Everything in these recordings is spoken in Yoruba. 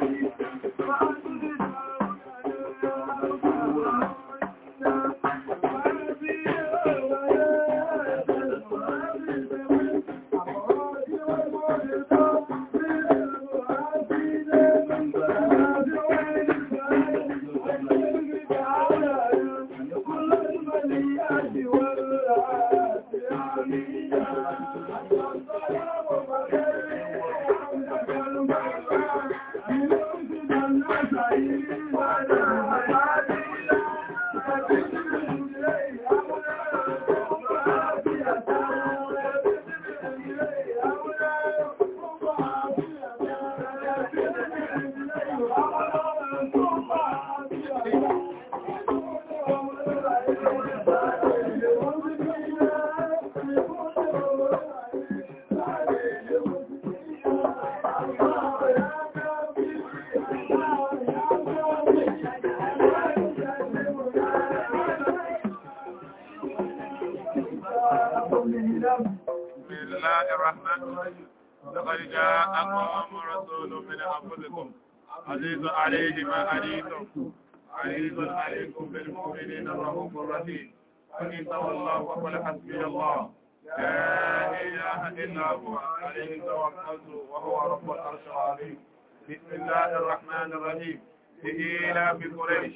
Thank you. إن تولوا فقل حسبي الله لا إله إلا هو عليه توكلت وهو رب العرش العظيم بسم الله الرحمن الرحيم لإيلاف قريش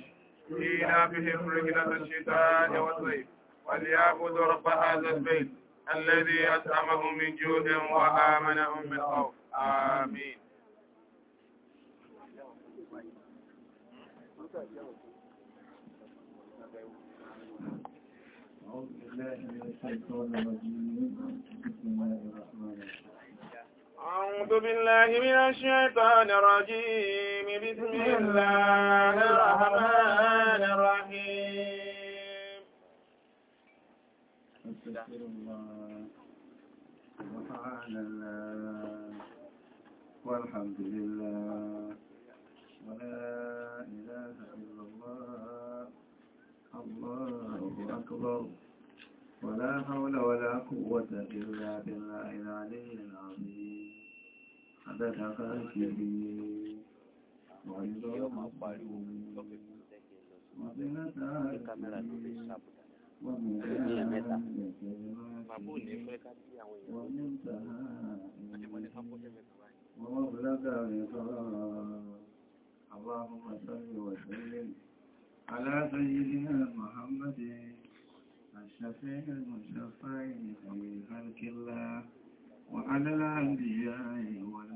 إيلافهم رحلة الشتاء والصيف وليعبدوا رب هذا البيت الذي أطعمهم من جوع وآمنهم من خوف آمين Thank you. أعوذ بالله من الشيطان الرجيم بسم الله الرحمن الرحيم أعوذ الله والحمد لله ولا إله إلا الله الله أكبر ولا حول ولا قوة إلا بالله العلي العظيم عدد خاشعين وعندهم وزنة عالمين ومبلغ رضا اللهم صل وسلم على سيدنا محمد الشفيع المشفع في خلق الله وعلى الأنبياء والمرسلين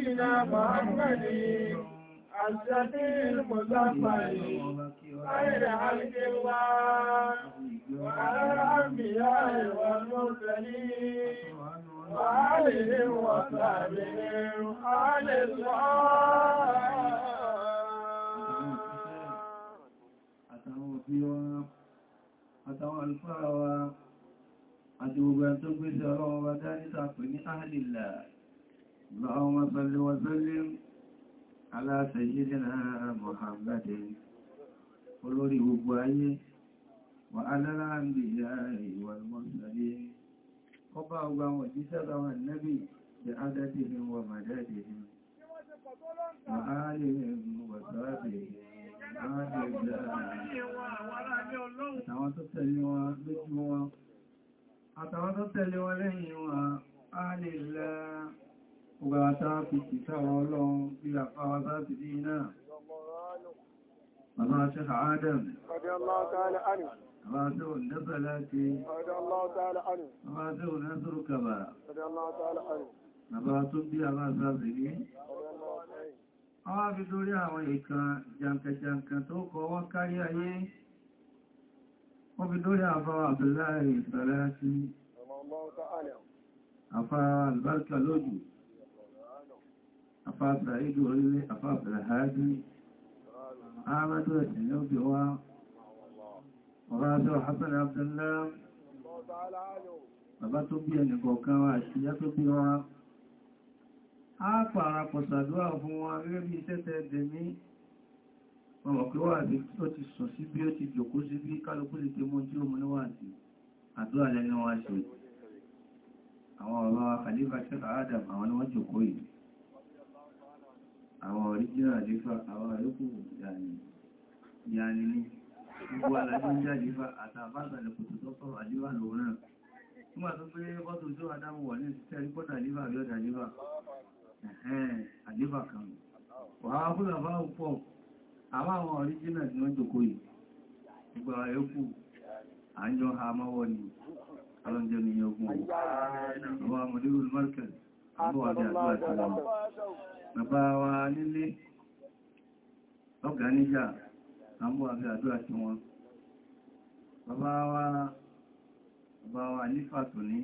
نبينا محمد الشفيع المزمل خير خلق الله وعلى الأنبياء والمرسلين وعليه وصحبه على الله àtàwọn àlùfáà wa àti gbogbo ẹ̀ tó gbé sí ọlọ́wọ́ wa dá nítàpẹ̀ ní àhàlìlà اللهم صل وسلم على سيدنا محمد olórí gbogbo ayé wà aláàbìyà ìwọ̀n mọ́sàlẹ̀ ọba ọgbà wọn jí sára wọn nábi da adadi ni wa madadi ni wa alihin wa sáàbì àtàwọn tó tẹ̀lé wọn lójú wọn àtàwọn ọgbà àtàkì ìtàwà ọlọ́run bí àpáwà sáàtì dí náà bàbá ṣẹ́kà adam bàbá ṣẹ́kà ndẹ́sàláti bàbá ṣẹ́kà nẹ́sùrù kàbà bàbá tó bí àbá sáàtì ní àwọn abìdórí àwọn ìkan jankan-jankan tó kọ wọ́n kárí ayé wọ́n fi dórí àfáwà Abdullahi ìsàláti àfáwà albarka lójú àfáàsà ìlú orílẹ̀ àfáàsà hajji ahmadu ẹ̀sìn yóò bí wá ọ̀rọ̀ hassan abdullah bàbá tó bí ẹnì kọ̀ọ̀kan wa àṣíyá tó bí wá a pàrà pọ̀sàdúwà fún wọn rẹ̀ bí iṣẹ́ tẹ́ẹ̀dẹ̀ ní ọmọ pé wà ní tó ti sọ sí bí ó ti jòkó sí bí kálukú lè pé mọ́ tí ó mú níwà sí àdúrà lẹ́nu wá ṣe àwọn ọ̀rọ̀ àkàlífà ṣẹ́kà àwọn ni wọ́n jòkó yìí àwọn original àdífà àwọn àyókù yàní yàní ní gbogbo alájú jẹ́ àdífà àtàbátà lẹ́kùtù tọ́tọ̀ àdífà lòun náà nígbà tó pé bọ́tù tó adámù wọ̀ ní ìsìtẹ́ rípọ́tà àdífà àbí àdífà kan wàá fúnà bá pọ̀ àwọn àwọn original tí wọ́n jòkó yìí gbogbo àyókù àjọ ha ni alọ́njẹ́ ni yóò gún ọwọ́ àwọn mọ̀lẹ́rù markaz àbúwà bàbá wa nílé ọgá níjà àmú àbí àdúrà sí wọn bàbá wa bàbá wa nífàtò ní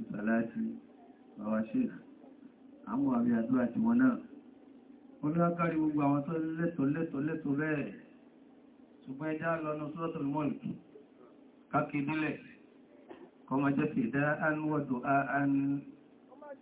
ìsàláti bàbá sheik àmú àbí àdúrà sí wọn náà wọ́n ló kárí gbogbo àwọn tó lẹ́tọ̀ lẹ́tọ̀ lẹ́tọ̀ bẹ́ẹ̀ ṣùgbọ́n ẹjá lọ́nà sọ́tọ̀ mọ́lùkù kákìdílẹ̀ kọmọ jẹ́ fìdá ánúwọ̀dọ̀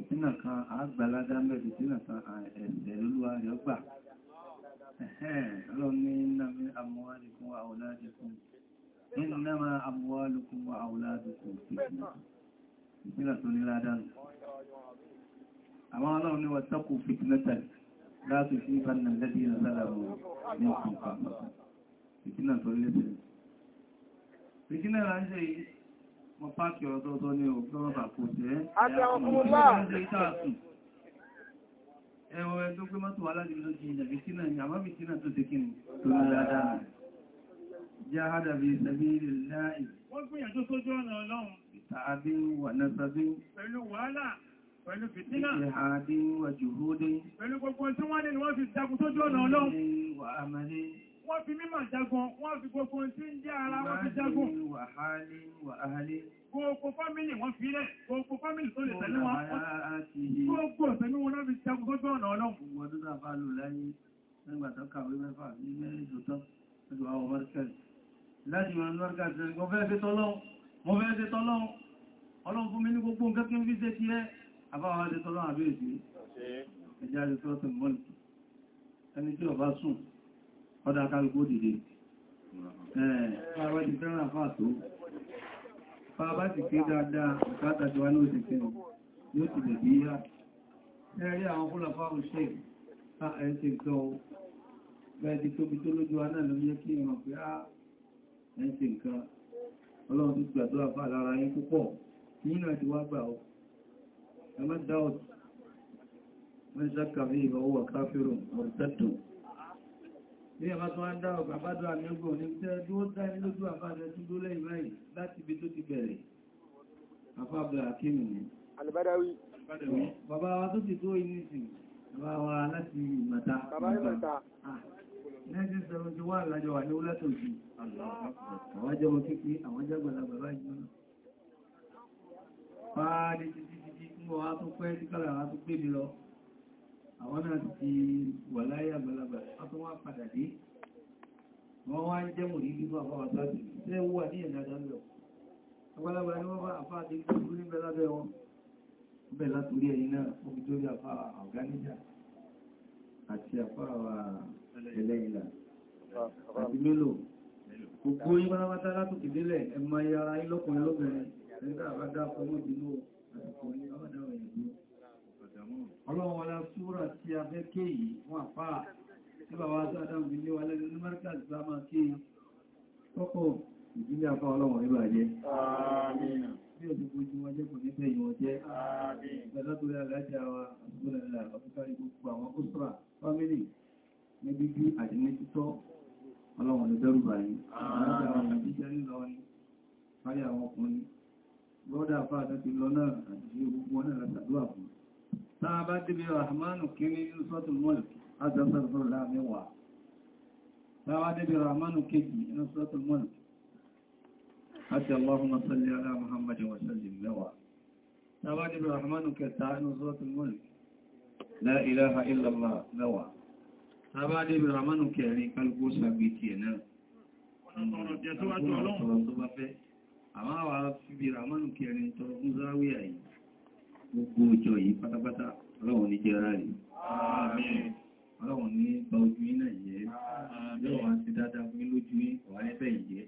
ìtínà kan àgbàládá mẹ́rin ìtínà kan ẹ̀ẹ̀dẹ̀ lólúwa rẹ̀ ọgbà ọlọ́ni ìnámi amúwálùkún wa àwòládùkún ìnáma amúwálùkún wa àwòládùkún ìtínà tó ní ládánù àwọn ọlọ́run ni wà tọ́kù fitnatan láti fi ìbánà lẹ́bí ìrọ̀sáàmù ní ọkùnkùn àpapọ̀ ìtínà tó lẹ́bẹ̀rẹ̀ Mo pàkì ọ̀dọ́dọ́ ní ọ̀gọ́rọ̀bà kò jẹ́. Ẹwọ ẹ tó mọ́tò wà ìjàbí sínà ni, àmọ́ bí sínà tó ti kí ni, tó ní dáadáa. Jahada bi sabilillahi. Wọ́n gbìyànjú sójú wọ́n ní wọ́n fi dákú ọlọ́run wọ́n fi mímọ̀ jagun wọ́n fi gbogbo tí ń jẹ́ ara wọ́n fi jagun gbogbo fámílì wọ́n fi rẹ̀ gbogbo fámílì tó lè tẹ̀lé wọn gbogbo tẹ̀lé wọn lọ́fi jagun gbogbo ọ̀nà ọlọ́run ọlọ́run fún mi ní gbogbo nǹkan kí ń fi ṣe ti ẹ́ àbáwọn àti tọ́lọ́run àbẹ́ ìsìn ẹjá àti tọ́lọ́tẹ̀ mọ́lù ẹni tí ó bá sùn ọdá kálùkù dìde ẹ̀ẹ́ fẹ́ràn fàtó bá ti pé dáadáa ìkátà tí wá ní òṣìṣẹ́ yóò ti lè bí yá ẹ̀rí àwọn fúnlọ̀fà òṣè ẹ̀ẹ́sẹ̀ ìtọ́ bẹ́ẹ̀ ti tóbi tó lójú wa náà ló yẹ kí ìràn pé á ẹ̀ẹ́sẹ̀ nǹkan ọlọ́run ti gbàdúrà fà lára yín púpọ̀ nínú àti wá gbà ó ẹ̀mọ́ dáọ̀tù mẹ́ṣàkàrí ìrọ̀wọ̀ káfíìrùn ọ̀rẹ́tẹ̀tùn ní ẹ̀bá tó wá dá ọgbà bá dúrà ní ọgbọ̀n ní tẹ́ tí ó dá nílójú àfáàdẹ tó dó lẹ́yìn báyìí láti ibi tó ti bẹ̀rẹ̀ afábẹ̀ àkímù ni Al-Badawi bàbá wa tó ti tó mata 1971 lájọ wà ní Wúlátòjì àwọn jẹ́ wọn kéèké àwọn jágbàlagbà báyìí náà pàá ní títí títí mọ́ wá tó pẹ́ sí kálà wá tó gbé mi lọ àwọn náà ti wà láyé àgbàlagbà ọdún wá padà dé wọ́n wá ń jẹ́ mòrí nínú àbáwà sáàtì tẹ́ ó wà ní ẹ̀dàdà ń bẹ̀ àgbàlagbà ni wọ́n bá àfáà ti gbogbo ní bẹ́lábẹ́ wọn bẹ̀ látòrí ẹ̀yìn náà ó fi torí àfáà ọ̀gáníjà àti àfáà ẹlẹ́yìnlá àti mélòó gbogbo yí pátápátá látòkè délẹ̀ ẹ̀mọ ọlọ́run wọlá súra tí a fẹ́ ké yìí wọ́n àpá nígbà wá sáàdáwò ilé wa lẹ́nu ní mẹ́ríkà ti sáà máa ké tọ́pọ̀ ìdílé afá ọlọ́run ìbà jẹ́ bí ọdún fojú wọn jẹ́ kò ní fẹ́ ìwọ̀n jẹ́ ìgbàlágbòrò alájá wa àtúgbòlẹ̀lá ọ̀fíkárí gbogbo àwọn òṣùra fámílì ní bíbí àti ní títọ́ ọlọ́run lè dẹ́rù ni fáyà àwọn ọkùnrin bọ́dà fáà tó ti lọ náà àti ṣe gbogbo wọn náà fún náà bá débi rahmanu kiri ní sọ́tún mọ́lùkì azọ́sọ́rọ̀ láàmẹ́wàá náà bá débi rahmanu kejì ní sọ́tún mọ́lùkì àti allahumma salli ala muhammadin wa sallim mẹ́wàá náà bá débi rahmanu kẹta ní sọ́tún mọ́lùkì la ilaha illallah mẹ́wàá náà bá débi rahmanu kẹrin kálukú sàgbìtì ẹ̀ náà àwọn àwọn fi bí rahmanu kẹrin tọrọ fún záwíyà yìí gbogbo ìjọ yìí pátápátá ọlọ́run ní jẹ́ ara rẹ̀ ọlọ́run ní bá ojú iná yẹ́ yóò wá dáadáa fún lójú ọ̀wálẹ́fẹ́ yìí jẹ́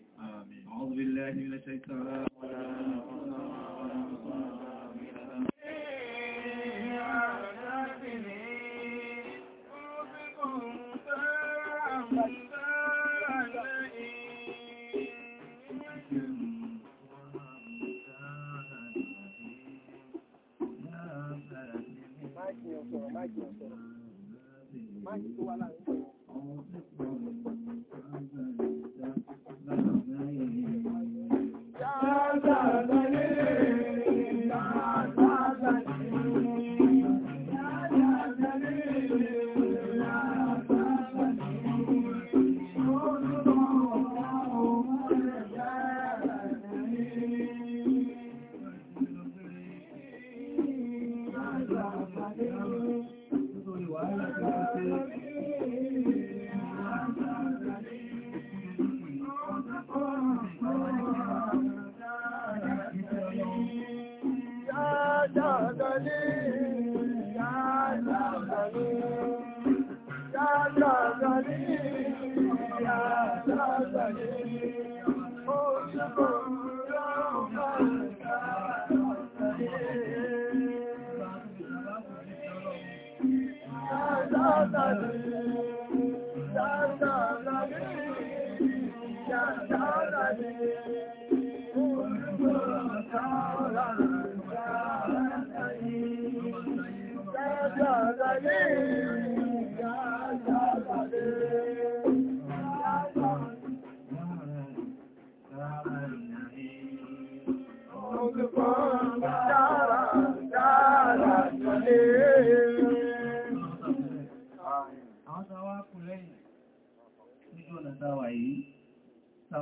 máàkì ọ̀sọ̀rọ̀ máàkì tó wà láàrin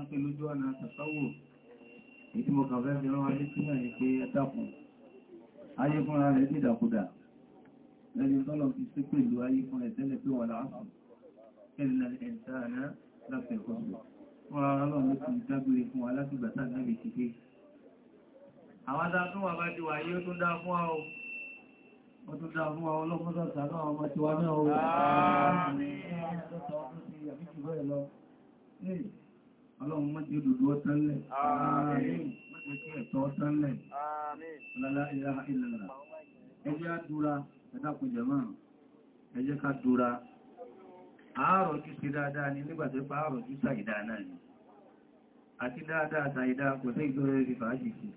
ń pè lójú ọ̀nà àtàkọ́wò ìdí mo kàn fẹ́ fi rán ayé tí náà ní pé ẹ̀dàkùn ayé fúnra rẹ̀ sí ìdàkudà lẹ́ni tọ́lọ̀ fi sí pẹ̀lú ayé fún ẹ̀tẹ́lẹ̀ pé wà láàpù ẹ̀lẹ́ ẹ̀ntàánà láfẹ́ ọ̀pọ̀ fúnra ọlọ́run ló ti dágbére fún wa láti gbàtà náà lè àwọn adá tún wà bá ti wà yí ó tún dá fún wa ó tún dá fún wa ọlọ́pọ̀ sọ̀tà náà ọmọ tí wa náà o Ọlọ́run mọ́jẹ́ òdòdó ọ̀tánlẹ̀. Àmín. Mọ́jẹ́ kí ẹ̀tọ́ ọ̀tánlẹ̀. Àmín. Lálá ìlàhà ìlàlá. Ẹ jẹ́ àdúrà, ẹ̀dàkùn jẹ̀mọ́. Ẹ jẹ́ ká dúra. Àárọ̀ jú sí dáadáa ni nígbàtẹ́ pa àárọ̀ jú sàìdá náà ni. Àti dáadáa sàìdá kò sí ìgbẹ̀rẹ̀ rí fàájì sí.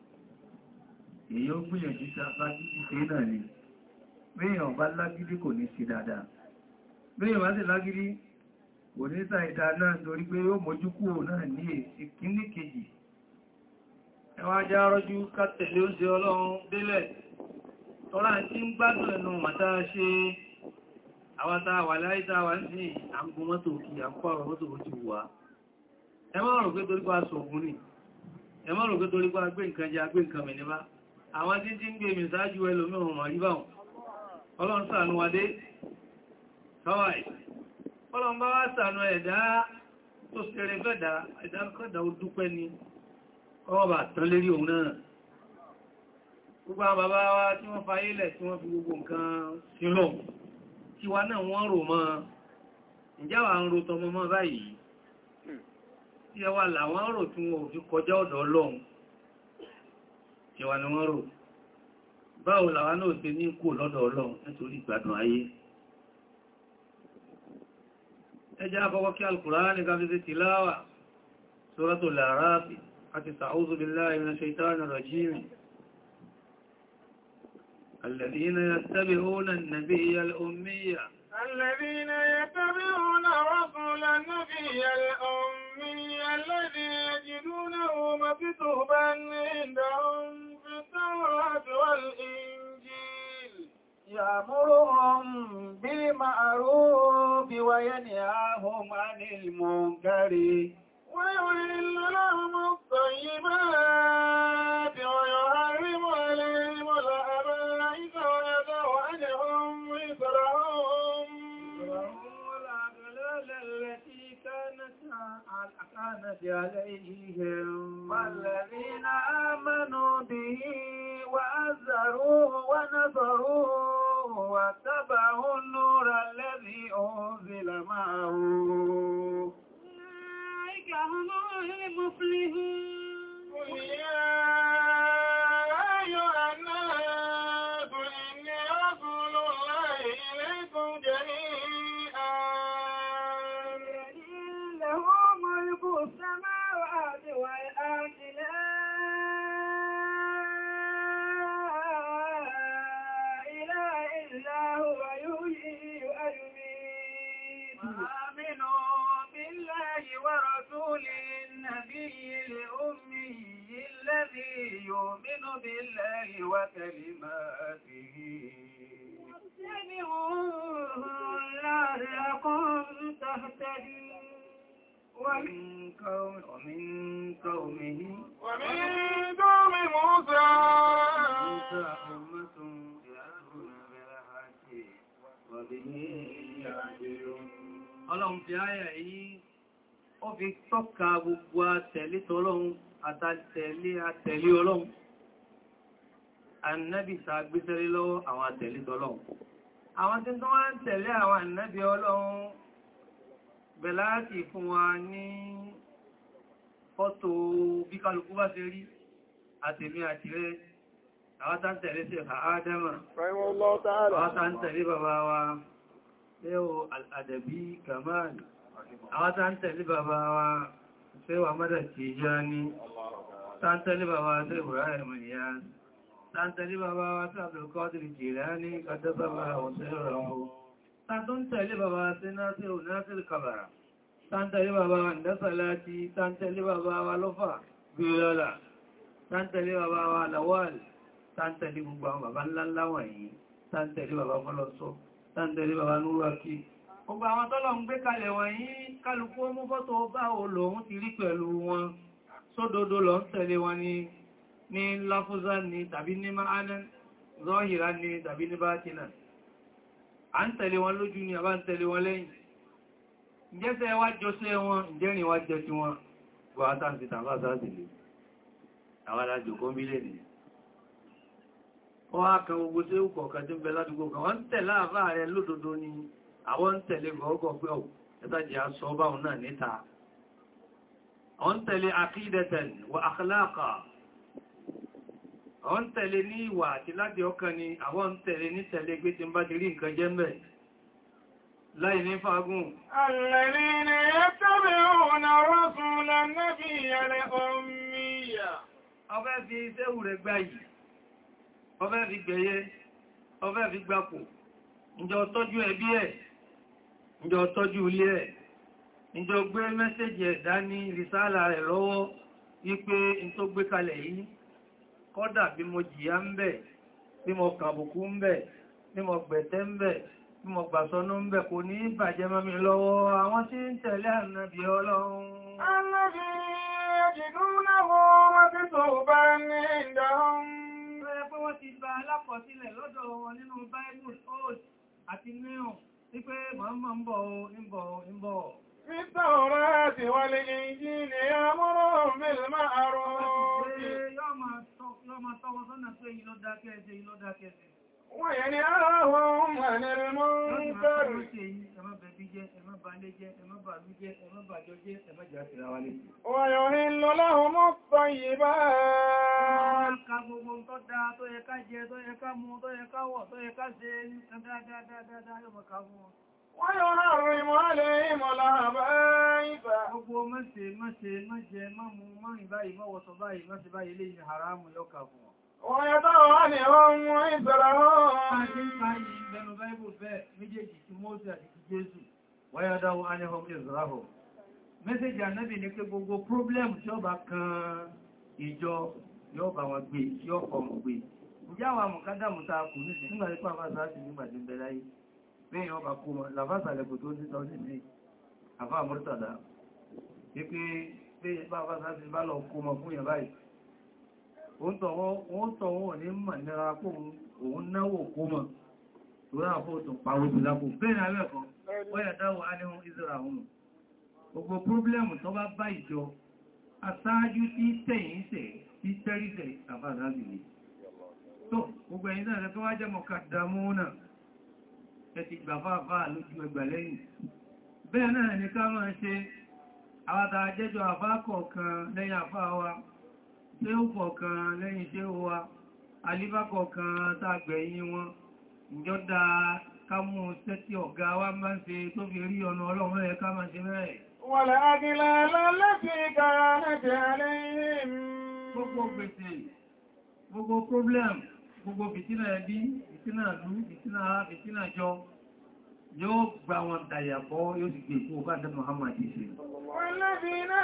Èyí ó gbìyànjú sáfájí ni. Béèyàn bá lágídí kò ní sí dáadáa. Béèyàn bá kò ní sàìdá náà torí pé yóò mójú kúrò náà ní èsì kíní kejì ẹwà já rọ́jú kátẹ̀lé oúnjẹ ọlọ́run délẹ̀ tọ́lá tí ń gbádùn ẹnu màtá ṣe àwátá wà láìta wà ní àgùn mọ́tò kí àpárọ̀ mọ́tò bó ti wà ẹ má rò pé torí pa sọ̀gùn ni ẹ má rò pé torí pa gbé nǹkan jẹ agbé nǹkan mìíràn àwọn tí tí ń gbé mi ṣáájú ẹlòmíràn mọ̀ rí báwọn ọlọ́run ṣàánú wa Ọlọ́run bá wá sànú ẹ̀dá tó ṣeré fẹ́dà, ẹ̀dá kọ́dà ó dúpẹ́ ni, ọba tán lérí òun náà. Gbogbo àwọn bàbá wa tí wọ́n fa ilẹ̀ tí wọ́n fi gbogbo nǹkan sílọ̀, tí wa náà wọ́n rò mọ́, ìjáwà ń ro tọmọ mọ́ báyìí. Tí ẹ wà làwọn rò tí wọ́n fi kọjá ọ̀dọ̀ Ọlọ́run, tí wa ni wọ́n rò. Báwo làwọn náà ṣe ní kò lọ́dọ̀ Ọlọ́run nítorí ìgbádùn ayé ẹjá àkọ́kọ́ kí alkùránì gáfíṣẹ́ tìláwà suratul A'raf àti sa'úzù billahi minash shaitanir rajim الذين يتبعون النبي الأمي الذين يتبعون رسول النبي الأمي الذي يجدونه مكتوبا عندهم في التوراة والإنجيل يأمرهم بالمعروف وينهاهم عن المنكر ويحل لهم الطيبات ويحرم عليهم الأبائس ويدع عنهم وزرهم والأغلال التي كانت كانت عليهم والذين آمنوا به وأذروه ونظروه واتبعوا النور الذي أنزل معه أولئك هم المفلحون قل يا قوم ومن قومه ومن قوم موسى موسى أمة يأخذون بالحق وبه يعدلون Ọlọ́run fi áyà yìí, ó fi tọ́ka gbogbo àtẹ̀lé tọ́lọ́run àtàtẹ̀lé àtẹ̀lé ọlọ́run. Ànábì sàgbésẹ́lé lọ́wọ́ àwọn àtẹ̀lé tọ́lọ́run. Àwọn tí tó wá ń tẹ̀lé àwọn ànábì ọlọ́run bẹ̀láàtì fún wa ní fọ́tò bí kálukú bá ṣe rí àtèmi àti rẹ̀ àwọn tá ń tẹ̀lé sí ẹ̀fà ádámà àwọn tá ń tẹ̀lé bàbá wa lẹ́wọ̀ al'adàbí kamal àwọn tá ń tẹ̀lé bàbá wa sẹ́wà mọ́dà Tijani tá ń tẹ̀lé bàbá wa sẹ́wà ẹ̀mọ̀lẹ́yà tá ń tẹ̀lé bàbá wa sí Abdul Qadir Jilani kàtẹ́ bàbá wa sẹ́wà ẹ̀mọ̀lẹ́yà tántẹ̀lé bàbá wa ìdásàláti tántẹ̀lé bàbá wa lọ́fà gbìyànlá tántẹ̀lé bàbá wa lawal tántẹ̀lé gbogbo àwọn bàbá ńláńlá wọ̀nyí tántẹ̀lé bàbá fọlọ́sọ tántẹ̀lé bàbá núrọ̀kí gbogbo àwọn tọ́lọ̀ ń gbé kalẹ̀ wọ̀nyí kálukú ó mú fọ́tò bá olóhun ti rí pẹ̀lú wọn sódodo lọ ni ní láfúzá ni tàbí ni tàbí ní bátinà à ń tẹ̀lé wọn lójú ìjẹ́sẹ̀ wá jọsẹ́ wọn ìjẹ́rin wá jẹ́ tí wọn wà átàǹsì tàbátàdìlé àwọn alájòkó mílẹ̀ ni wọ́n á kan gbogbo sí òkọ̀ kan tí ń bẹ ládùúgbò kan wọ́n ń tẹ̀ láàfá rẹ̀ lódodo ni àwọn ń tẹ̀lé gọ́ọ̀gọ́ pé ọ̀ ẹ̀tàjì aṣọ báhùn náà níta láì ní fagún. Àlẹ́lẹ́lẹ́ ẹ́tọ́bẹ̀ òun rọ́sùn lọ́nàbí ẹ̀rẹ̀ ọmíyà. Ọfẹ́ fi iṣẹ́ rẹ̀ gbá yìí, ọfẹ́ fi gbẹ̀yẹ, ọfẹ́ fi gbapò, ǹjọ tọ́jú ẹbí ẹ̀, ǹjọ tọ́jú ilé ẹ̀, ǹjọ gbé mẹ́sẹ̀jì mo gbàsọ́nú ń bẹ̀ kò ní bàjẹ́ mọ́ mi lọ́wọ́ àwọn tí ń tẹ̀lé ànàbí ọlọ́run. Ànàbí ẹjìdúnnàwó wọ́n ti tó bá ní ìdáhùn. Bẹ́ẹ̀ pé wọ́n ti gba alákọsílẹ̀ lọ́dọ̀ wọn nínú Bible Old àti New wípé màmá ń bọ̀ ń bọ̀ ń bọ̀. Títà ọ̀rọ̀ àti wọlé ìjì ni ni وينهاهم عن المنكر ويهل لهم الطيبات ويحرم عليهم الخبائث Gbogbo mẹ́sẹ̀ mẹ́sẹ̀ mẹ́jẹ mọ́mú mọ́rin báyìí mọ́wọ́sọ báyìí mẹ́sẹ̀ báyìí lè ní haramu lọ́kà fún wọn. ويضعون هم وزرهم ويضعون عنهم إزرهم mẹ́sẹ̀jì ànábì ní pé gbogbo problem tí ó bá kan ìjọ yóò bá wọn gbé yóò kọ wọn gbé ìjáwà mọ̀kádàmùta kù ní sí nígbà ipá àfáàsá sí nígbà tí ń bẹ láyé bẹ́yìn ọba kó wọn làfáàsá lẹ́kù tó ní sọ́sí sí àfáà mọ́rítàdá wípé bẹ́yìn tọ̀wọ́ ní mọ̀ nira kó òun náwó kó mọ̀ torí àfóòtùn pàwọ́tù lápò bẹ́ẹ̀rẹ̀ alẹ́kọ́ wọ́yẹ̀dáwọ̀ aníhun Israel hùn gbogbo pọ́blẹ́mù tó bá bá ìjọ aṣáájú tí tẹ̀yìnṣẹ̀ tí tẹ́rìṣẹ̀ àfàdàbìlì tó gbogbo ẹ̀yìn náà lẹ́kọ́ wájẹ́ mọ̀kàdàmúnà ẹ ti gbàfáàfá lójú ẹgbà lẹ́yìn bẹ́ẹ̀ náà ní ká máa ṣe àwátà ajẹ́jọ àfáà kọ̀ọ̀kan lẹ́yìn àfáà wa tí ó kọ̀ọ̀kan lẹ́yìn tí ó wa tàgbẹ̀yìn wọn ìjọ́dá kámú sẹ́tí ọ̀gá wa máa ń ṣe tó fi rí ọ̀nà ọlọ́run ẹ̀ ká máa ṣe mẹ́rẹ̀ wọ̀lẹ̀ gbogbo gbogbo problem gbogbo yóò gba wọn dàyàbọ́ yóò sì dẹ́ ṣe wọ́n náà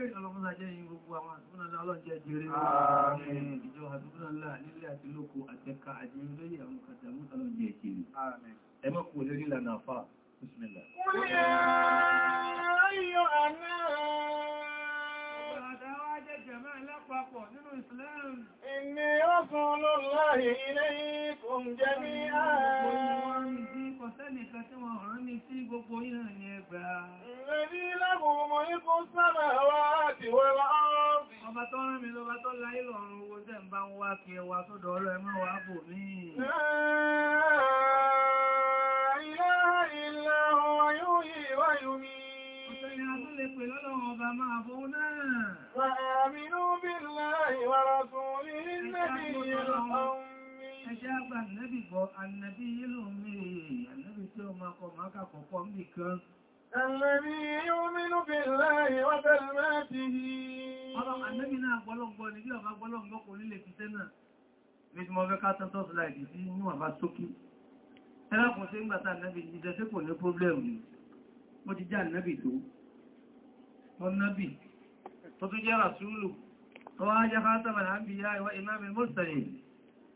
méjèèjì ọlọ́mọ́sá jẹ́ yìí gbogbo àwọn àdúgbònàlá ọlọ́jẹ́ jẹ́rẹ́ ìjọ àdúgbònàlá nílé àti lóko àtẹ́ka àjẹ́yìn lórí àwọn kàtàmú ọlọ́jẹ́ ìkiri ẹmọ́ kò lórí ìlànà àfà bísmìlá Inni rasulullah mọ̀ rán mi sí gbogbo yìí ní ẹgbà. Ẹni lágbogbo ikú sábà wá àti wá kí ẹwà ọba máa bó náà. Wà àmìnú bí láì wà rọ̀ tún ní ilé bí ẹjẹ́ àgbà nẹ́bì gbọ́ annabi yílò mìí annabi tí ó máa kọ máa kàkọ̀kọ́ mì kan Ẹ̀lẹ́rí yóò bí láàrí wọ́pẹ̀ mẹ́tì yìí. Ọlọ́ annabi náà gbọ́lọ́gbọ́ ni bí ọba gbọ́lọ́gbọ́ kò nílé fi tẹ́nà. Bí ti mọ́ fẹ́ ká tọ́tọ́ sí láìdí sí inú àbá sókí. Ẹlẹ́kùn sí ń gbàtà annabi jíjẹ sí kò ní pọ́blẹ̀mù ni. Mo jẹ́ rasúlù. Ọwọ́ ajẹ́ fátàbà náà bí yá ìwá ìmáàmì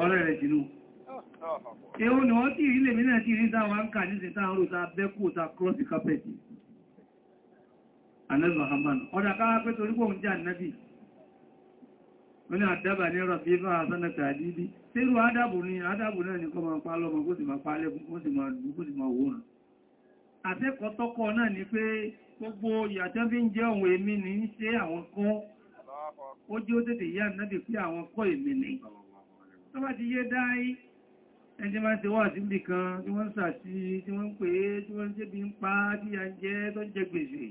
ọ̀rẹ́ rẹ̀ jìnú ewu ni wọ́n tí ìrìnlẹ̀ mìíràn tí ìrìn dáwọn ń kà ní sí táwọn rúta bẹ́kù ta kírọ́sì kápẹ́tì anẹ́lù Muhammad ọ̀dà káwà pé torí pọ̀ ń jẹ́ ànábì wọ́n ni àdábà ní ọ̀rọ̀ fífà àsánàtà àdíbí tẹ́rù adábù ni adábù náà ní kọ́ máa pa lọ́mọ kó sì máa pa lẹ́kùn kó sì máa dùn kó sì máa wòrán àtẹ́kọ̀ọ́ tọ́kọ̀ náà ni pé gbogbo ìyàtẹ́ fi ń jẹ́ ohun èmi ní ṣe àwọn kọ́ ó jẹ́ ó tètè yá náà pé àwọn kọ́ èmi tó bá ti yé dáí ẹjẹ́ máa ti wà sí ibì kan tí wọ́n ń sàtí tí wọ́n ń pè é tí wọ́n ń ṣe bí ń pa tí a jẹ́ tó ń jẹ gbèsè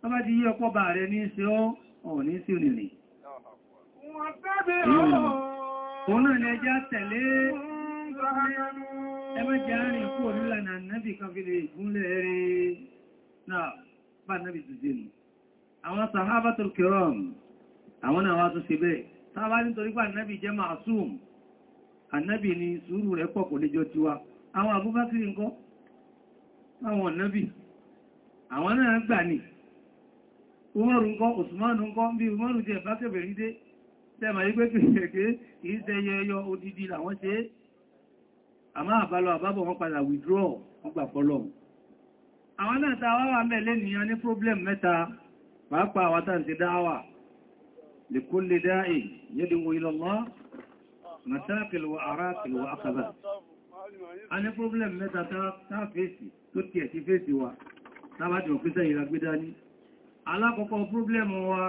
tó ti yé ọpọ́ bà rẹ ní ṣe ọ́ ọ̀ ní sí òrìrì òun náà ni ẹjá tẹ̀lé ẹmẹ́jẹ́ àárín kú orílẹ̀-èdè náàbì kan fi lè gúnlẹ̀ rẹ̀ náà bá náàbì jùjẹ́ nù àwọn sàhábàtul kiram àwọn náà wá tó ṣe bẹ́ẹ̀ sábà nítorí pà náàbì jẹ́ màásùm ànábì ni sùúrù rẹ̀ pọ̀ kò lè jọ tiwa àwọn abúbákiri ńkọ́ àwọn ànábì àwọn náà gbà ní umaru ńkọ́ osmanu ńkọ́ bí umaru jẹ bá kẹbẹ̀rí dé tẹ́mà yí pé kìrìkìrì kìí tẹ́yẹ ẹyọ odidi làwọn ṣe àmá àbálọ àbábọ̀ wọn padà withdraw wọn gbà fọ́lọ̀ àwọn náà ta problem mẹ́ta pàápàá àwọn tàǹtì dáwà lè kó lè dáì masáàkìl wa aráàkìl wa akàbà a ní problem mẹ́ta táà fèsì tó tí ẹ̀ sí fèsì wa tábàtì òpínṣẹ́ ìragbédá ní alákọ̀ọ́kọ́ problem wa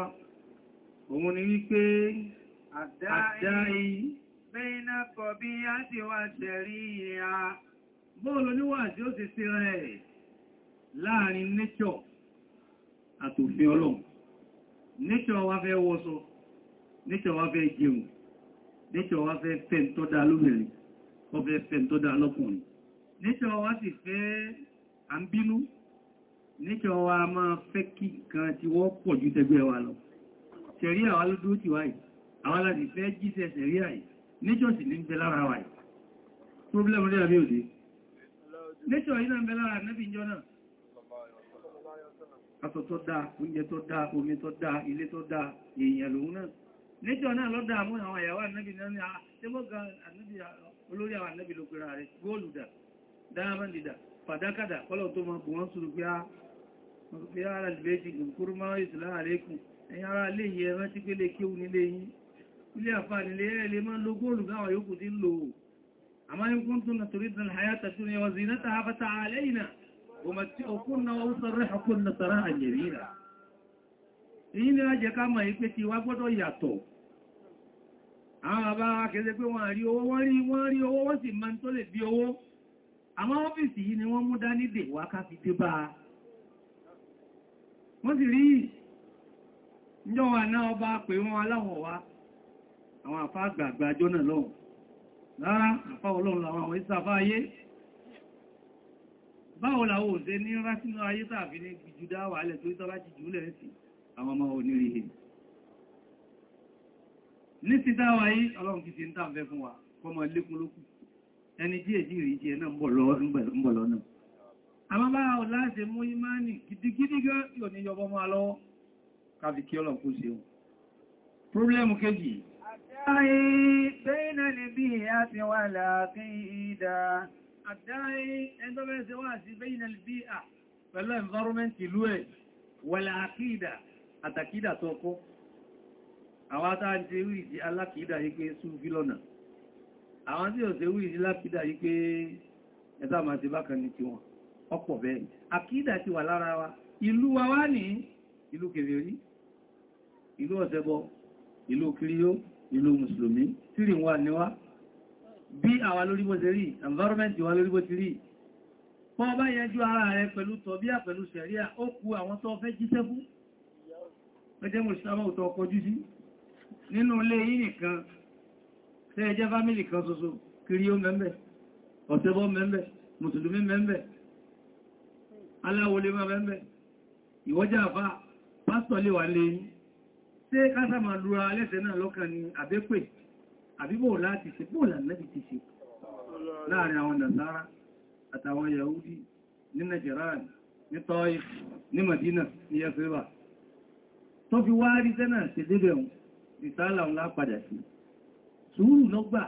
òun ni wípé àdáyí bẹ́ẹ̀nà kọ̀ bí a ti wà tẹ̀rí ìyá bóòlù níwà tí ó ti sí rẹ̀ láàrin nature àtòfin ọlọ́run nature wa fẹ́ wọ́sọ nature wa fẹ́ jẹun nature wa fẹ́ fẹ́ tó dá lóbìnrin ó fẹ́ fẹ́ tó dá lọ́kùnrin nature wa sì fẹ́ à ń bínú nature wa máa fẹ́ kí nǹkan tí wọ́n pọ̀ ju tẹgbẹ́ wa lọ ṣẹ̀rí àwa ló dúró tì wáyìí àwa láti fẹ́ jíṣẹ́ ṣẹ̀rí àyìí nature sì ní bẹ lára wa yìí problem rẹ̀ àbí òde nature yìí náà ń bẹ lára nẹ́bí ìjọ náà aṣọ tó dáa oúnjẹ tó dáa omi níjọ náà lọ́dá àmú àwọn ìyàwó ànábì náà ní ah, àtẹ́mọ́gá olórí àwọn ànábì ló pèrà rẹ̀ góòlù dà dáàmàndì dà fàdákàdà kọ́lọ̀ tó máa bù wọ́n sùrù pé ah, ara lèbẹ́jì gùnkúrú máa ìsìlá àrékùn ẹ̀yìn ara lè yẹ ẹran tí pélé kéwù nílé yín ilé àfààní lè rẹ̀ lè máa lo góòlù gáwọn yòókù tí ń lò ó àmá yóò kún tó nàtorí dàn hayata tó ní wọ́n zinata habata alẹ́yìnà òmàtí òkúnnà èyí ni lájẹ ká mọ̀ ìpé ti wá gbọ́dọ̀ yàtọ̀ àwọn bàbá akẹ́sẹ́ pé wọ́n rí owó wọ́n rí wọ́n rí owó wọ́n sì máa tó lè bí owó àwọn ọ́fíìsì yìí ni wọ́n mú dání dè wá ká fi dé bá wọ́n sì rí ìjọ wà náà ọba pé wọ́n aláwọ̀ wá àwọn àfá àgbààgbà jọ́nà lọ́wọ́ lára àfá ọlọ́run làwọn àwọn ìsàfá ayé báwo làwọn òṣè ní rásínú ayé tàbí ní gbìjúdá wà lẹ̀ tó ìtọ́lá jìjúlẹ̀ ń sìn àwọn ọmọ onírihe ní ti dáwà yí ọlọ́run kìí ń dáàmẹ́ fún wa kọmọ lékún lókù ẹni díẹ̀ jí rí jẹ́ náà mbọ̀ lọ́nà àwọn bá láti mú ìmáni gidigidi pẹ̀lú environment ìlú ẹ̀ wà láàkín àtàkídà tó kọ́ àwọn àtàkì wíìdí alákìídà yí pé súnfí lọ́nà àwọn tí ò ṣe wíìdí alákìídà yí pé ẹ̀sà máa ti bákan ní tiwọn ọ̀pọ̀ bẹ́ẹ̀ àkídà ti wà lára wa ìlú wa wá ní ìlú kèfèrí ìlú ọ̀sẹ̀bọ ìlú kìríyó ìlú mùsùlùmí tírì wà níwá bí environment wa lórí bó ti rí pọ́ bá yẹjú ara rẹ pẹ̀lú tọ́bíà pẹ̀lú ṣẹ̀ríà ó ẹjẹ́ mọ̀ ìṣàmọ́ òtọ́ ọkọ̀ jú sí nínú ilé yìí nìkan tẹ́ ẹjẹ́ fámílì kan ṣoṣo kiri ó mẹ́mẹ́ ọ̀tẹ́bọ́ mẹ́mẹ́ mùsùlùmí mẹ́mẹ́ aláwọlé mẹ́mẹ́ ìwọ́jà àfá pásítọ̀ lè wà lè yìí tẹ́ kásàmà lura alẹ́sẹ̀ náà lọ́kàn ni àbẹ́pẹ̀ àbíbò láti ṣe bó ni ti ṣe láàrin àwọn nàzára àtàwọn madina ní yẹfẹ́ tó fi wá rí sẹ́nà ṣe débẹ̀ ohun ìtàlà òun lápadà sí sùúrù lọ́gbà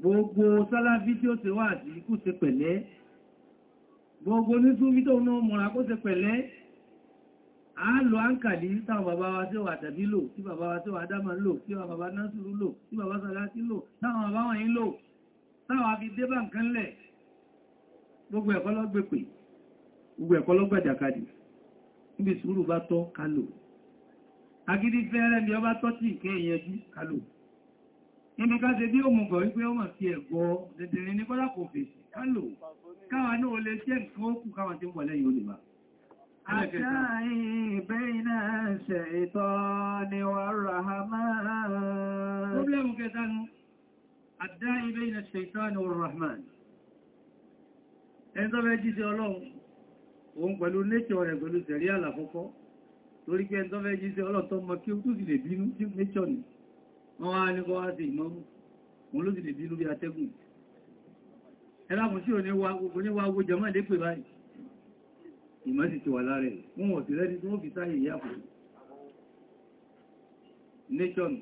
gbogbo sálábí tí ó ṣe wà àti kú ṣe pẹ̀lẹ́ gbogbo ní súnmí tó náà mọ̀ra kó ṣe pẹ̀lẹ́ a lọ áńkàlì táwọn bàbá wa tí ó wà tàbí lò tí bàbá wa tí ó wà dámà lò tí wà bàbá násùrù lò tí bàbá sàlátí lò táwọn bàbá wọ̀nyí lò táwọn àfi débà nǹkan lẹ̀ gbogbo ẹ̀kọ́ lọ́gbẹ̀pẹ̀ gbogbo ẹ̀kọ́ lọ́gbẹ̀dàkadì níbi sùúrù bá tọ́ kálò agídí fẹ́rẹ́ bí ọ bá tọ́ tí ìké ìyẹjú kálò níbi ká ṣe bí ó mùgọ̀ wípé ó mọ̀ sí ẹ̀gọ́ dẹ̀dẹ̀rẹ̀ ní kọ́lá kò fèsì kálò káwà náà lè jẹ́ nǹkan ó rahman. ọlọ́run, òun pẹ̀lú nature rẹ̀ pẹ̀lú sẹ̀rí àlàkọ́kọ́ torí pé ẹni tó fẹ́ jí sí ọlọ́tọ́ mọ kí ó tó sì lè bínú sí nature ni wọ́n wá ní kọ́ wá sí ìmọ́rú òun ló sì lè bínú bí atẹ́gùn ẹlákùn sí òní wá owó jẹmọ́ ìdé pè báyìí ìmọ́ sì ti wà lára ẹ̀ wọ́n wọ̀ sí lẹ́ni tó fi sáyé ìyá fún nation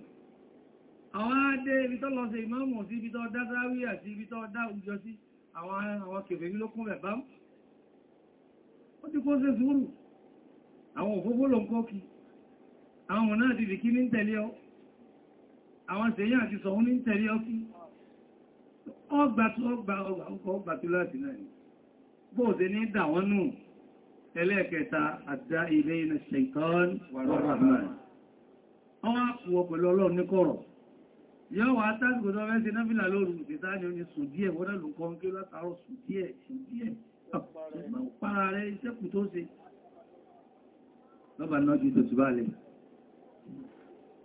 àwọn adé ibi tó lọ sí ìmọ́mù sí ibi tó dá sáwí àti ibi tó dá òjọ sí àwọn kèfèrí ló kún rẹ̀ bámú ó ti kó ṣe sùúrù àwọn òfófó ló ń kọ́ kí àwọn ọ̀nà àti ìdìkí ní tẹ̀lé ọ àwọn ṣèyàn àti sọ̀hún ní tẹ̀lé ọ kí ọgbà tó ọgbà ọgbà tó láti náà ni bóòdé ní dà wọ́n nù ẹlẹ́ẹ̀kẹta àdá ilé iná ṣẹ̀tọ́n wàrọ̀rọ̀mọ̀ ọwọ́ pùwọ̀ yọ́ wà tásìkò tó fẹ́ sí náfìlà lóru ìtẹ́ta ni ó ní sùn díẹ̀ wọ́n náà lùkọ́ ń ké látàárọ̀ sùn díẹ̀ sùn díẹ̀ Para rẹ̀ iṣẹ́ kù tó ṣe. Lọ́bà náà jù tó ti bá lẹ̀.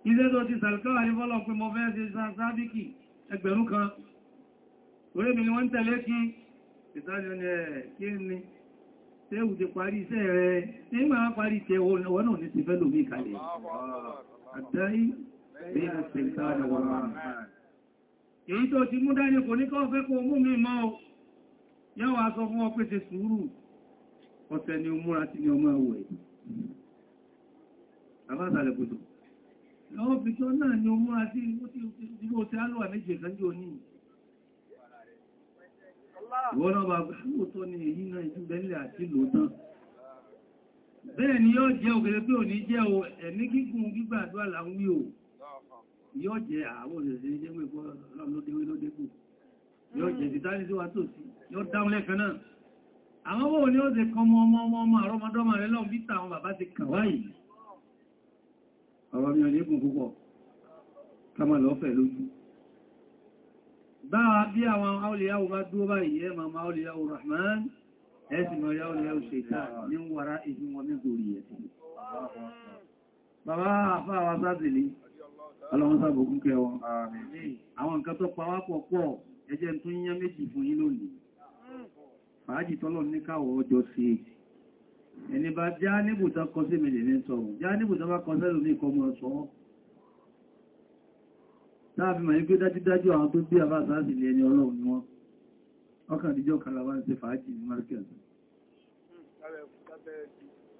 Iṣẹ́ tó ti sàlùkáwà ní fọ́lọ̀ pé mo fẹ́ ṣe sáàbíkì ẹgbẹ̀rún kan. Orí mi ni wọ́n tẹ̀lé kí ìsájọ́ ni ẹ̀ kí ni tẹ́wù ti parí iṣẹ́ rẹ̀ nígbà wọ́n parí tẹ wọ́n náà ní ti fẹ́ lómi kalẹ̀. Àdáyí bẹ́ẹ̀ yóò wá sọ fún ọpẹ́ ṣe sùúrù ọ̀tẹ̀ ni múra sí ni ọmọ ẹwọ̀ ẹ̀ àbátàlẹ̀ kòtò lọ́wọ́ fi tó náà ni múra sí ìwò tí alúwà méjì ìkànjú oní wọ́n náà bá lóòtọ́ ni èyí náà ìjú bẹ́lẹ̀ àti lóòtán bẹ́ẹ̀ ni yóò jẹ́ òkèrè pé òní o ẹ̀mí gígùn gbígbàdúrà láwí o yóò jẹ́ àwọn òṣèrè jẹ́ yóò hmm. jẹ́ ìdítárí sí wa tó sí yóò dáun lẹ́kan náà àwọn owó ni ó ṣe kan mọ ọmọ ọmọ ọmọ àrọmọdọ́mọ rẹ lọ́wọ́ bíta àwọn bàbá ti kàn wáyìí ọ̀rọ̀ mi ò ní kùn púpọ̀ kama lọ́fẹ̀ lójú bá bí àwọn auliyáwó bá dúó báyìí ẹ ma ma auliyáwó rahman ẹ sì ma ya auliyáwó shaitan ní wàrá ìjú wọn ní gòrì ẹ̀ bàbá àfáà wa sáàzìlì ọlọ́run sáàbòkún kẹwọn àwọn nǹkan ẹjẹ́ tún yán méjì fún yín lónìí fàájì tọ́lọ̀ ní káwọ̀ ọjọ́ sí ẹni bá já níbùtán kọ sí mẹ́lẹ̀ ní sọ̀rọ̀ já níbùtán bá kọ sẹ́lù ní ìkọmọ̀ sọ láàfin ma ní pé dájúdájú àwọn tó gbé àbáṣá sí ilé ẹni ọlọ́run ni wọ́n ọkàn díjọ́ kalaba ń ṣe fàájì ní market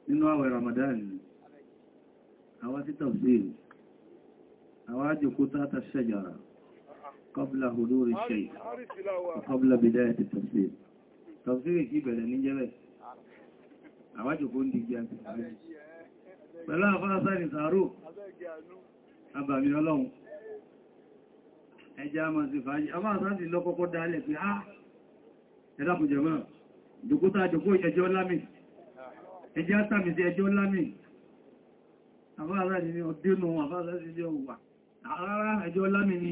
nínú àwẹ̀ Ramadan àwọn títà sí àwọn àjòkó tátà ṣẹjàrà قبل هدور الشيء وقبل بداية التفسير تفسير شيء بلا نجبه àwájò kó ń di jẹ́ pẹ̀lú àfáàsá ní sàárò àbàmì ọlọ́run ẹja ma ti fàájì àfáàsá ti lọ kọ́kọ́ dálẹ̀ pé áà ẹ̀dàkùn jẹ̀mọ́ jòkótà jòkó ẹjọ́ lámì ẹjẹ́ átàmì sí ẹjọ́ lámì àfáàsá ti ní ọdínú àfáàsá ti ní ọwà àárá ẹjọ́ lámì ni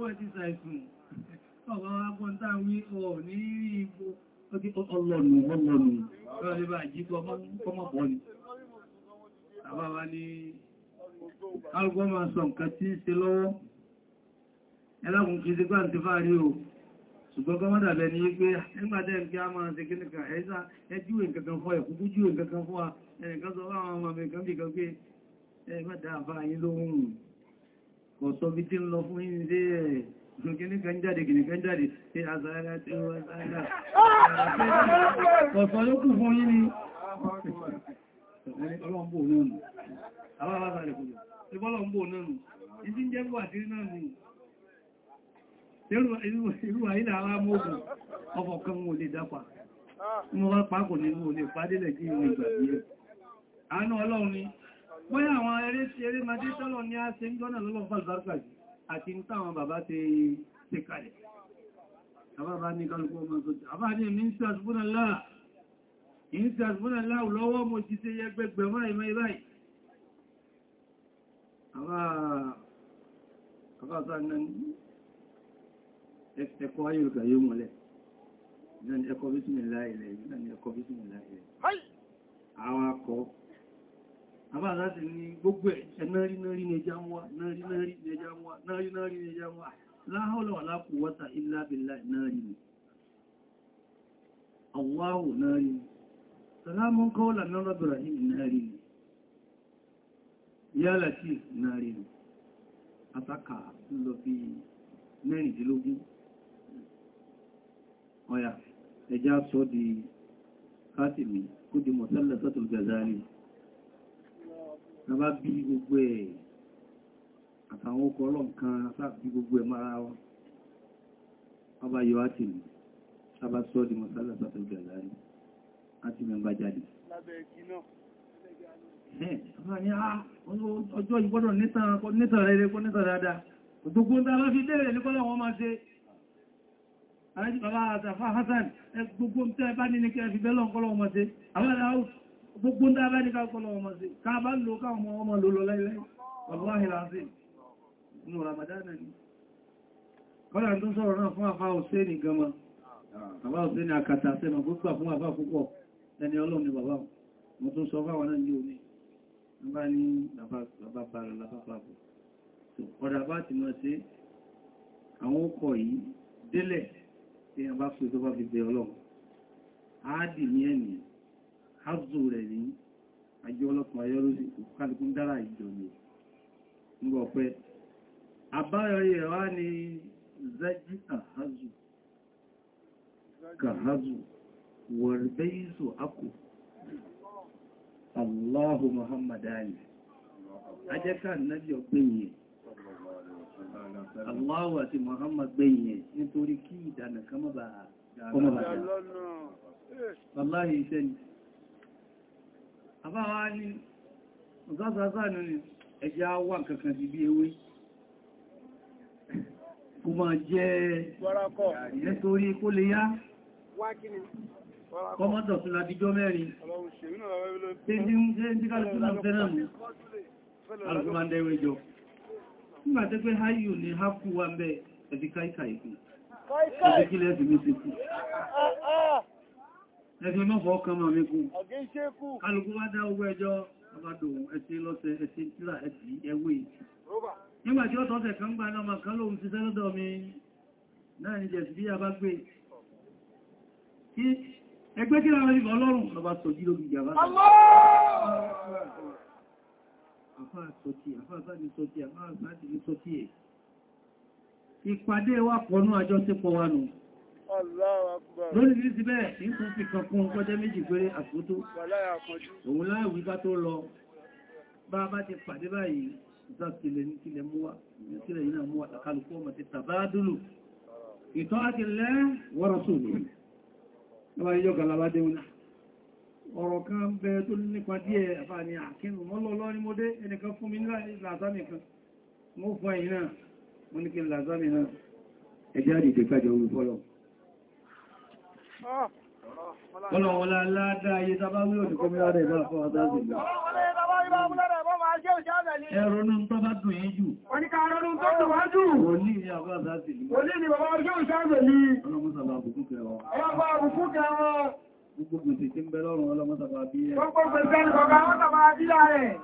ọwọ́ ti sàìsùn ọba agbọ́n tàà wí ọ̀ ní igbó ọlọ́nù ọlọ́nù ọlọ́lẹ́bà jíkọ ọmọbọ̀ ni àbáwá ní algoma sọ nǹkan tí ṣe lọ́wọ́ ẹlẹ́kùn kí sí gbáǹtí fàárí o ṣùgbọ́n kọ́ mọ́dà bẹ̀ ní pé nígbàtẹ́ ń kí a máa ṣe kíníkà ẹ̀ẹ́sà ẹjúwẹ̀ nǹkan fún ẹ̀kùnkú júwẹ̀ nǹkan fún ẹnìkan sọ fáwọn ọmọ mi kò sọ bí tí ń lọ fún ìdí ẹ̀ kìnnìkan jáde kìnnìkan jáde tí a sára tí ó wá sára ọ̀sán ló kù fún yí ni ọlọ́mbò náà àwọn àbábàrẹ̀ kò lè bọ́lọ̀mbò náà ìdí jẹ́ bọ́ àti náà ni irú àìlà ara mọ́gùn ọkọ̀ kan wọn lè dápa mo wá pàákò nínú olè pàdé lẹ́gbẹ̀ẹ́ ìgbà bóyá àwọn eré sí eré máa dé tọ́lọ̀ ní a ṣe ń gọ́nà lọ́lọ́ fàlbárkà jù àti ń táwọn bàbá ti ṣe kalẹ̀. àbábá ní kálùkù ọmọ sọ́jà àbá ní èmi ń sí àṣùgbọ́nà láà lọ́wọ́ mo ti ṣe yẹgbẹgbẹ̀ máì máì báyìí ẹ̀kọ́ ayélujá yóò mọ́lẹ̀ ẹ̀kọ́ bísmìlá ilẹ̀ ìlànà ẹ̀kọ́ bísmìlá ilẹ̀ àwọn akọ́ àbá láti ní gbogbo ẹ̀ náàrí náàrí nẹjá wá náàrí náàrí nẹjá wá la hawla wala quwwata illa billahi náàrí ni Allahu náàrí ni salamun qawlan min rabbir rahim ni ya Latif náàrí ni àtàkà lọ fi mẹ́rìndínlógún ọya ẹjá sọ di kátìmí di mọ̀sálẹ̀ sọ́tùl bá bí gbogbo ẹ̀ àtàwọn ọkọ̀ ọlọ́nkan sáàbí gbogbo ẹ̀ mara wọn ọba yọ áti lù sábà sọ́ di mọ̀sálà sọ́tọ̀ gẹ̀ẹ́lá rí áti mẹ́mbà jáde ah, ọjọ́ ìgbọ́dọ̀ nítàn rẹ̀ kọ́ nítàn dáadáa ògbogbo ń dára àtàfà Hassan gbogbo ń tẹ́ bá ní ní kẹ́ fi bẹ́lọ̀ kọ́lọ̀ wọn máa ṣe àwọn gbogbo ń dábẹ́ ní káàkọ́lọ̀ ọmọ sí káàbá lò káàmọ́ ọmọ lò lọ lẹ́lẹ́ ọlọ́hì láti inú ramadana ni kọ́lá tó sọ̀rọ̀ náà fún àfá òsèni gama àfá òsèni àkàtà sẹ́mà gbogbo fún àfá púpọ̀ ni bàbá mo tún sọ fáwọn náà ní omi nígbà ní bàbá bàrẹ̀ lápapọ̀ ọ̀dà bá ti mọ̀ sí àwọn ọkọ̀ yìí délẹ̀ tí a bá pè tó bá fi bẹ ọlọ́run áàdì ní ẹ̀nìyàn hafzu rẹ̀ ní ajé ọlọ́pàá ayọ́rọ́sì kálukú dára ìjọ ni ngbọ̀ pẹ́ àbáyọyẹ wá n'i zaji ahazu kahazu warbeisu aku allahu muhammad ali ajẹ́ká náàbí ọgbẹ̀yẹ allahu àti muhammad gbẹ̀yẹ nítorí kí ìdànà kọmọ̀bà wallahi iṣẹ́ ni àbáwá ní ọ̀gáṣàṣà ní ẹjẹ́ wà kankan di bí ewé kò máa jẹ́ nítorí kó lè yá kọmọ́tọ̀ tún lábíjọ́ mẹ́rin tí ní ń jẹ́ ní kálùkù lábẹ́rẹ̀ mú alùgbàndẹ̀wẹ̀ jọ nígbàtẹ́ pé hayo ni haku wa mẹ́ ẹ̀dí káìkà ìpín ẹ̀dí kílẹ̀ ẹ̀dí mẹ́sẹ̀kù ẹ̀sìn mọ́fọ́ ọkàn máa mi kún kálùkú wá dá owó ẹjọ́ àbádò ẹ̀sìn lọ́sẹ̀ ẹ̀sìn tíra ẹ̀sì ẹwé nígbàtí ó tọ́sẹ̀ kan gbá náà kan lóhun ti sẹ́lọ́dọ̀ mi náà ni jẹ̀ sí bí a bá gbé ẹgbẹ́ kí lára ìbọn ọlọ́run bàbá sọ̀jí lórí ìjàbá ìpàdé wa pọ̀nú àjọ tí pọ̀ wà nù lórí ní ti bẹ́ẹ̀ ní kún fi kan kún ọjọ́ méjì péré àfótó òun láì wí bá tó lọ bá bá ti pàdé báyìí ìsàkìlẹ̀ ní kílẹ̀ múwá ìsìlẹ̀ yìí náà múwá tàkàlùkù ọmọ ti tàbádùlù ìtọ́ àti lẹ́ wọ́rọ̀ sóòlù lọ́wọ́ yíyọ́ galabadé wọn ọ̀rọ̀ kan bẹ Ọlọ́wọ́lá aládá ayé tàbá wí òdìkọ́ mi rárẹ̀ ìbá fún àtàzì. Ẹ̀rọnú tó bá dùn yí jù. Wọ́n ní ká rọ́nú tó dùn wá jù. Wọ́n ní ìyá bá àtàzì. Wọ́n ní ìbá ọjọ́ ìṣàgbẹ̀ ní. Ọlọ́mọ́sàbà àbùkú kẹwọ́. Ọlọ́mọ́ àbùkú kẹwọ́. Gbogbo gbèsè ń bẹ lọ́rùn ọlọ́mọ́sàbà bí ẹ̀. Gbogbo gbèsè ń kọ̀ọ̀ká ọlọ́mọ́sàbà bí láàrẹ̀.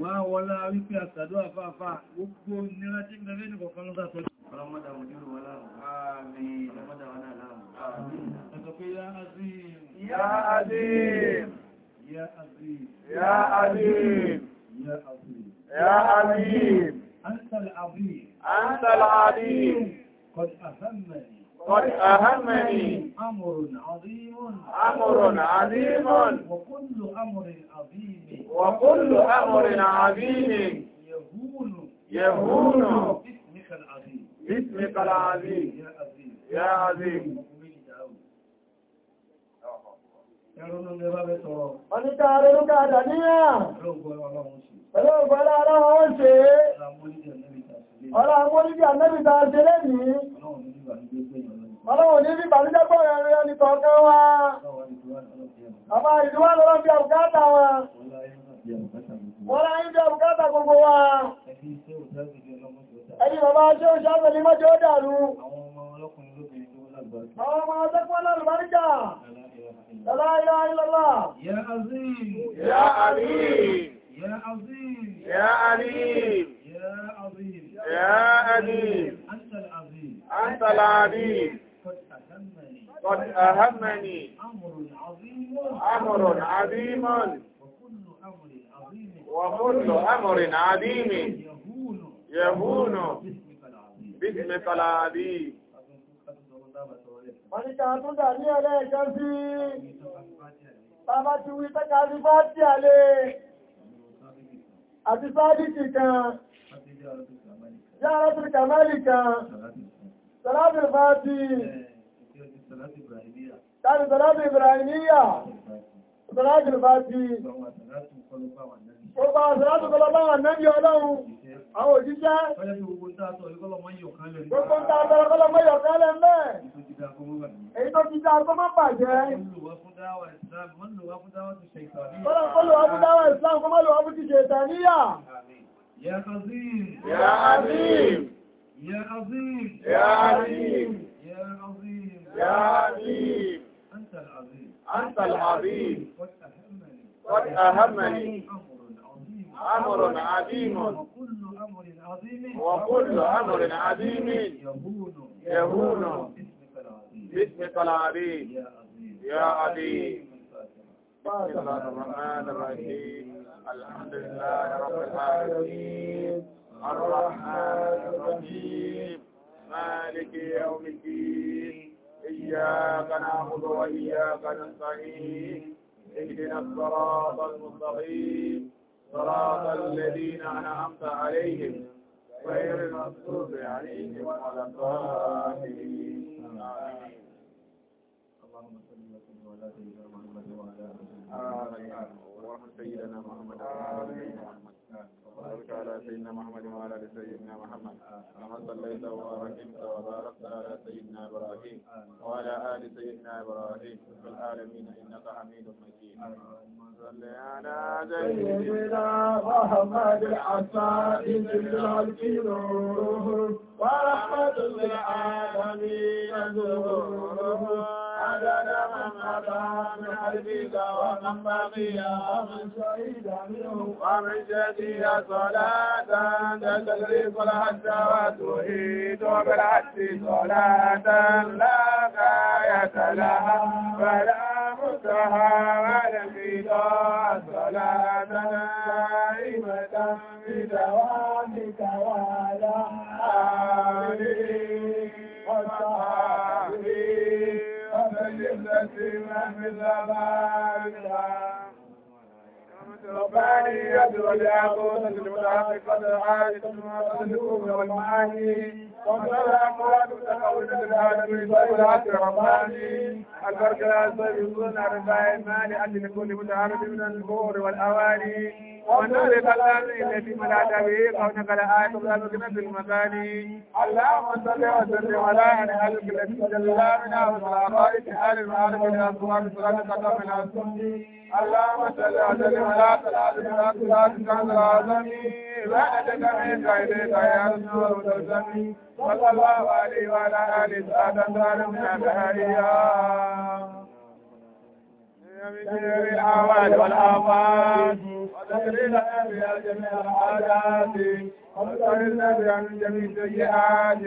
Wọ́n wọlá wípé àṣàdó àfáàfá gbogbo nira tí ń bẹ lẹ́nìkọ̀ọ̀kan lọ́sàtọ̀. Ọlọ́mọ́dà mọ̀ nínú wọlá. Àmì ọlọ́mọ́dà wọn náà láàmù. يا عظيم يا عظيم يا عظيم يا عظيم يا عظيم يا عظيم أنت العظيم أنت العظيم قد أهمني قد أهمني أمر عظيم أمر عظيم وكل أمر عظيم وكل أمر عظيم يهون يهون باسمك العظيم باسمك العظيم يا عظيم يا عظيم Ọníta ààrẹ lúkà àdàníyà. Ọlọ́gbọ́lá ara wọ́n ṣe é. Ọlá àmúrídì àmẹ́bìta ṣe lẹ́ni. Ọlọ́wọ̀n ní bí bàlújẹ́ pọ̀ ẹ̀rẹ́ ọ̀nìtọ̀ ọ̀kan wá. Bàbá ìdúwà lọ́rọ̀ ṣe لا إله إلا الله يا عظيم يا عظيم يا عظيم يا عليم يا عظيم يا عليم أنت العظيم أنت العظيم قد أهمني قد أهمني أمر عظيم أمر عظيم وكل أمر عظيم وكل أمر عظيم يهون يهون باسمك العظيم باسمك العظيم wọ́n ní ká tún dà ní ẹlẹ́ẹ̀kan sí bàbá ti wí tẹ́ka rí bá tí a lè àti sáàdìkì kan yára tún kàmálì kan sàlábì bá ti sàlábì Ibrahimiyya sàlábì bá ti Gbogbo àṣàlátù kọlọ́bá ànẹ́bí ọlọ́run, àwọn òjíṣẹ́. Gbogbo ń tààtọ̀ ìkọlọmọ́ yọ̀kálẹ̀ mẹ́. Èyí tó ti dá agbọ́mọ́ bàjẹ́. Olùwà fún dáwà ìsìláàmù, olùwà fún dáwà ti ṣe ìtàníyà. Olùwà fún dáwà ìsìláàmù, olùwà fún ti ṣe ìtàníyà. يا عظيم يا عظيم يا عظيم يا عظيم يا عظيم يا عظيم أنت العظيم أنت العظيم قد أهمني قد أهمني أمر أمر عظيم وكل أمر عظيم يهون باسمك العظيم يا عظيم بسم الله الرحمن الرحيم الحمد لله رب العالمين الرحمن الرحيم مالك يوم الدين إياك نعبد وإياك نستعين اهدنا الصراط المستقيم صراط الذين أنعمت عليهم غير المغضوب عليهم ولا الضالين آمين اللهم صل وسلم على سيدنا محمد وعلى آله وصحبه وسلم سيدنا محمد وعلى على سيدنا محمد وعلى ال سيدنا محمد كما صليت وباركت وباركت على سيدنا ابراهيم وعلى ال سيدنا ابراهيم في العالمين انك حميد مجيد صل على سيدنا محمد الحسائد الخلق ورحمة للعالمين ظهوره عدد من قطع من حربك ومن بقي ومن شهد منه ومن شهدي صلاة تستغرق الحج وتهيد بالحج صلاة لا غاية لها فلا منتهى ولم صلاة دائمة بدوامك وعلى آله وصحبه سيما مثل ذلك رباني يدعو لأقوصة المتعققة العائشة والصدوق والمعاني وانصر أقوات تقوية العالم والعصر رباني البركة الصيف يصدنا رفاع المال من كل متعرف من البور والأواني ونورك الله التي ملا تبيه كونك لآية ذلكنا في المثاني اللهم صل وسلم على أهل أهلك التي جلى منها وصلاقائك أهل المعارف من أصحاب صلاة قدم من أصحابي اللهم صل وسلم على صلاة صلاة صلاة كان العظم بعدك من قيدك يا رسول الله صلى الله عليه وعلى آله وسلم من الهريان جميع الأعمال والآفات وتكرينا بها جميع الحاجات وتكرينا بها من جميع السيئات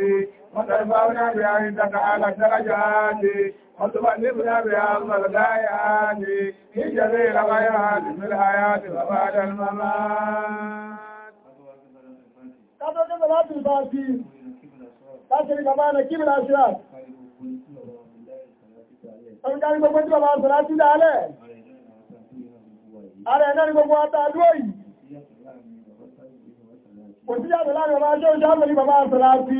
وترفعنا بها عندك على الدرجات وتبلغنا بها الغدايات في جميع الخيرات في الحياة وبعد الممات. Kata jẹ́ bẹ̀rẹ̀ láti bá sí, láti rí kàbá rẹ̀ kí bí láti rà. oníkàrí gbogbo tí bàbá sọ̀rọ̀ sí dáálẹ̀ ààrẹ ẹ̀nà ní gbogbo yìí kò sí yàtọ̀ láàrin ọmọ sí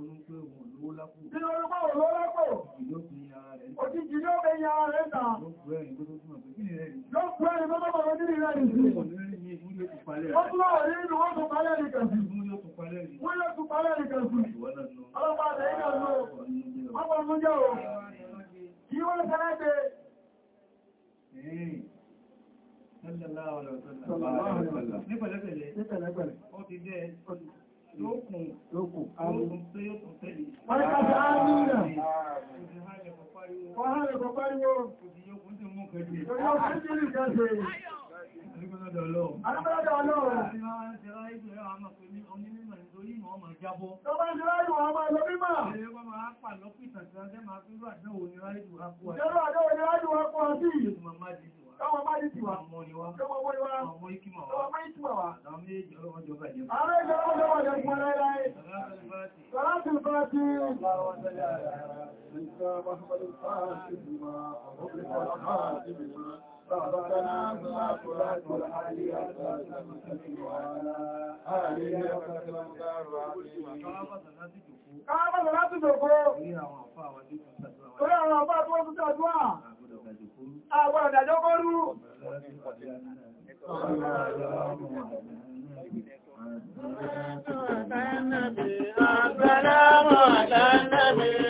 lápò. Bí olùkọ́ wò ló lápò. Òjijì ló bẹ ya rẹ̀ ta. Ló gbé ẹ̀rin tó tó túnmọ̀ pé kí ni rẹ̀ rí? Ló gbé ẹ̀rin tó tó mọ̀ pé kí ni rẹ̀ rí? Ó tún lọ́wọ́ nínú wọ́n tún palẹ́ rí kẹ̀sì. Wọ́n yóò tún palẹ́ rí. Wọ́n yóò tún palẹ́ rí kẹ̀sì. Ọlọ́pàá àtẹ̀ ìgbà lọ. Wọ́n pọ̀ mú jẹ́ o. Kí wọ́n fẹ́rẹ́ dé. Sallallahu alaihi wasallam. Ní pẹ̀lẹ́pẹ̀lẹ́. Ní pẹ̀lẹ́pẹ̀lẹ́. Ó ti dẹ́ lókùn lókùn àrùn tó yóò tún tẹ́lẹ̀. Wọ́n ká fi áàrùn náà. Wọ́n hàn lè kọ̀ pariwo. Òdìyàn kún ti mú kẹ́lú. Òdìyàn kún ti rí kẹ́lú. Àrígbọ́lọ́dọ̀ ọlọ́run. Àrígbọ́lọ́dọ̀ ọlọ́run. Àti máa ń tẹ́lá ìgbẹ̀ àmọ́ pé ní onímọ̀ nítorí ìmọ̀ ọmọ jábọ́. Tọ́bá ń tẹ́lá ìwọ̀n ọmọ ìlú mímọ̀. Ẹgbẹ́ máa pà lọ́pìtà tí a jẹ́ máa fi rú àdánwò ní ráìdù akọ́ àti. Jẹ́rọ àdánwò ní ráìdù akọ́ àti. Ìjọba máa dìí. Tọ́wọ́ bá ní ti wà, tọ́wọ́ wọ́n wá, tọ́wọ́ wọ́n wá, tọ́wọ́ ìkímọ̀ wá, tọ́wọ́ ìkímọ̀ wá, tọ́wọ́ ìjọ́ ọjọ́ bàjẹ́. Ààrẹ ìjọ́ ọjọ́ bàjẹ́ fún ọlá ìlàí. Sọ́lá ti bá ti ń bá wọn tẹ́lẹ̀ ààrẹ. Ìjọ́ bá fún ọlá ìfàájú ma, ọ̀pọ̀ ìfàájú ma. ربنا ما تلات الحالية حالية Káàbọ̀ láti dòkó. Orí àwọn àpá àwọn àdíkùn sàdúrà. Àwọn ọ̀dàjọ́ kọrú. Àbẹ́nàbí, àbẹ́nàbí, àbẹ́nàbí.